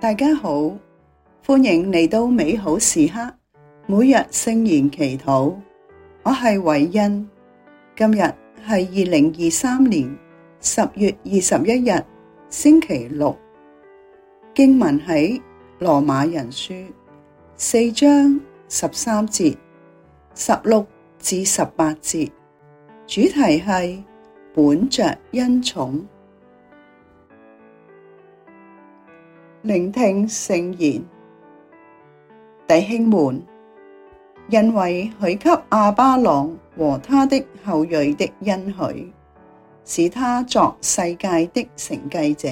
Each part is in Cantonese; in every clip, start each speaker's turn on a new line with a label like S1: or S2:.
S1: 大家好，歡迎嚟到美好時刻，每日聖言祈禱。我係偉恩，今日係二零二三年十月二十一日星期六，經文喺羅馬人書四章十三節十六至十八節，主題係本着恩寵。聆聽聖言，弟兄們，因為許給亞巴郎和他的後裔的恩許，使他作世界的承繼者，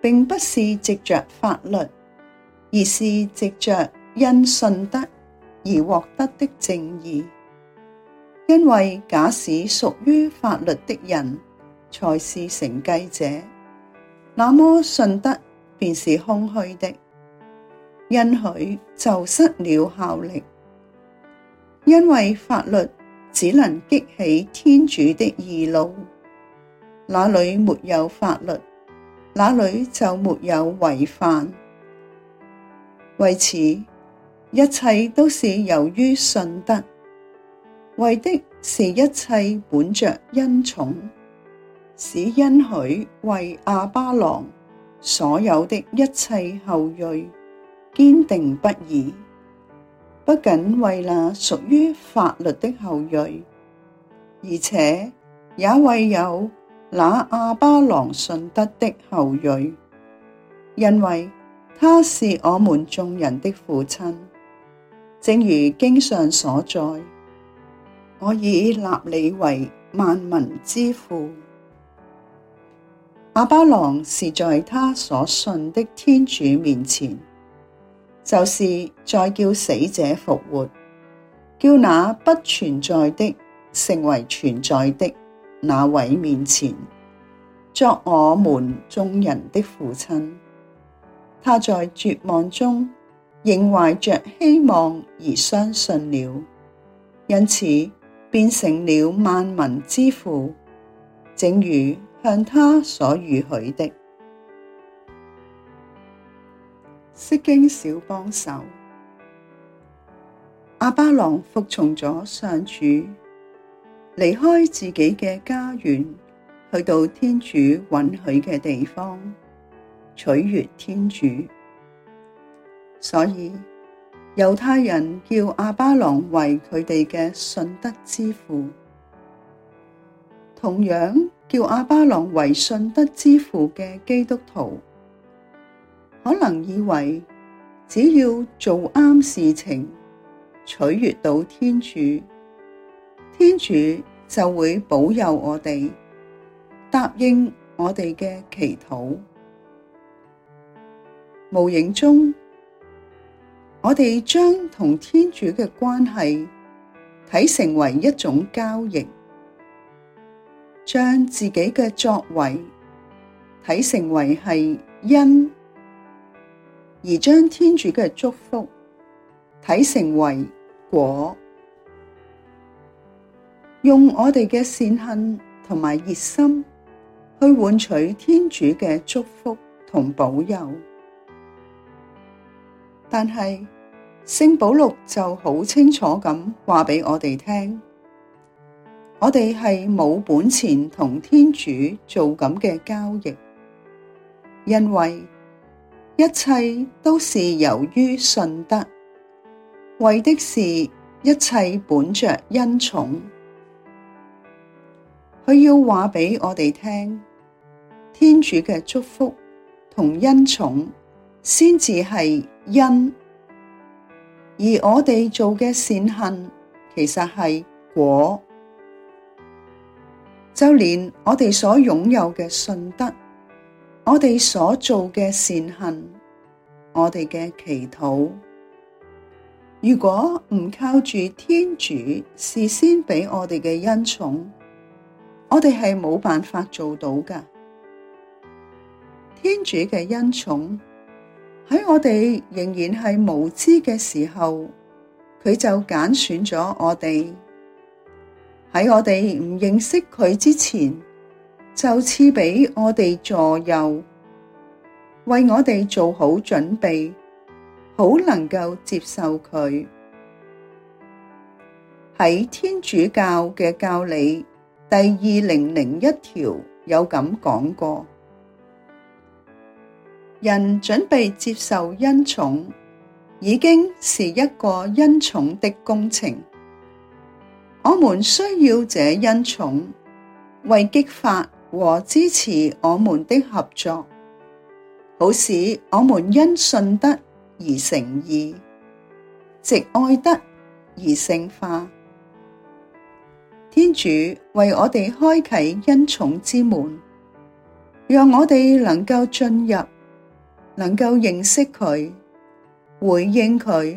S1: 並不是藉着法律，而是藉着因信德而獲得的正義。因為假使屬於法律的人才是承繼者，那麼信德。便是空虛的，恩許就失了效力，因為法律只能激起天主的義怒，那裡沒有法律，那裡就沒有違犯。為此，一切都是由於信德，為的是一切本着恩寵，使恩許為亞巴郎。所有的一切後裔堅定不移，不僅為那屬於法律的後裔，而且也為有那亞巴郎信德的後裔，因為他是我們眾人的父親。正如經上所載，我已立你為萬民之父。亞巴郎是在他所信的天主面前，就是在叫死者復活、叫那不存在的成為存在的那位面前，作我們眾人的父親。他在絕望中仍懷着希望而相信了，因此變成了萬民之父。正如，向他所預許的，釋經小幫手，亞巴郎服從咗上主，離開自己嘅家園，去到天主允許嘅地方取悦天主。所以猶太人叫亞巴郎為佢哋嘅信德之父。同樣。叫亞巴郎為信德之父嘅基督徒，可能以為只要做啱事情，取悅到天主，天主就會保佑我哋，答應我哋嘅祈禱。無形中，我哋將同天主嘅關係睇成為一種交易。將自己嘅作為睇成為係因，而將天主嘅祝福睇成為果，用我哋嘅善行同埋熱心去換取天主嘅祝福同保佑。但係聖保祿就好清楚咁話俾我哋聽。我哋係冇本錢同天主做咁嘅交易，因為一切都是由於信德，為的是一切本着恩寵。佢要話畀我哋聽，天主嘅祝福同恩寵先至係因，而我哋做嘅善行其實係果。就連我哋所擁有嘅信德，我哋所做嘅善行，我哋嘅祈禱，如果唔靠住天主事先俾我哋嘅恩寵，我哋係冇辦法做到噶。天主嘅恩寵喺我哋仍然係無知嘅時候，佢就揀選咗我哋。喺我哋唔認識佢之前，就賜畀我哋助佑，為我哋做好準備，好能夠接受佢。喺天主教嘅教理第二零零一條有咁講過：人準備接受恩寵，已經是一個恩寵的工程。我們需要這恩寵，為激發和支持我們的合作，好使我們因信德而成義，藉愛德而聖化。天主為我哋開啟恩寵之門，讓我哋能夠進入，能夠認識佢，回應佢。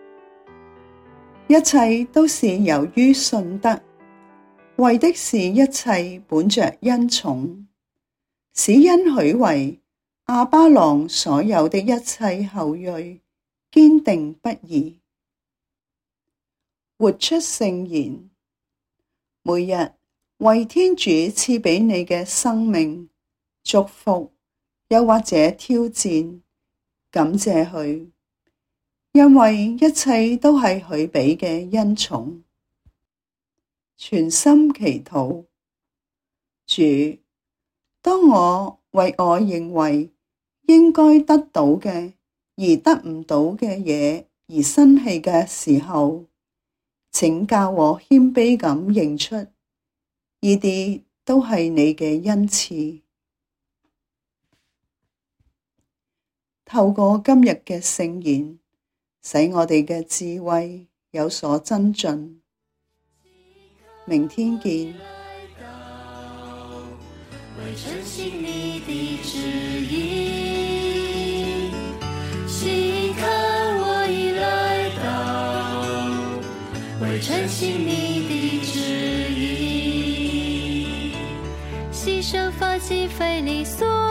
S1: 一切都是由於信德，為的是，一切本着恩寵，使恩許為亞巴郎所有的一切後裔堅定不移，活出聖言。每日為天主賜俾你嘅生命祝福，又或者挑戰，感謝佢。因為一切都係佢畀嘅恩寵，全心祈禱，主，當我為我認為應該得到嘅而得唔到嘅嘢而生氣嘅時候，請教我謙卑咁認出呢啲都係你嘅恩賜。透過今日嘅聖言。使我哋嘅智慧有所增進。明天見。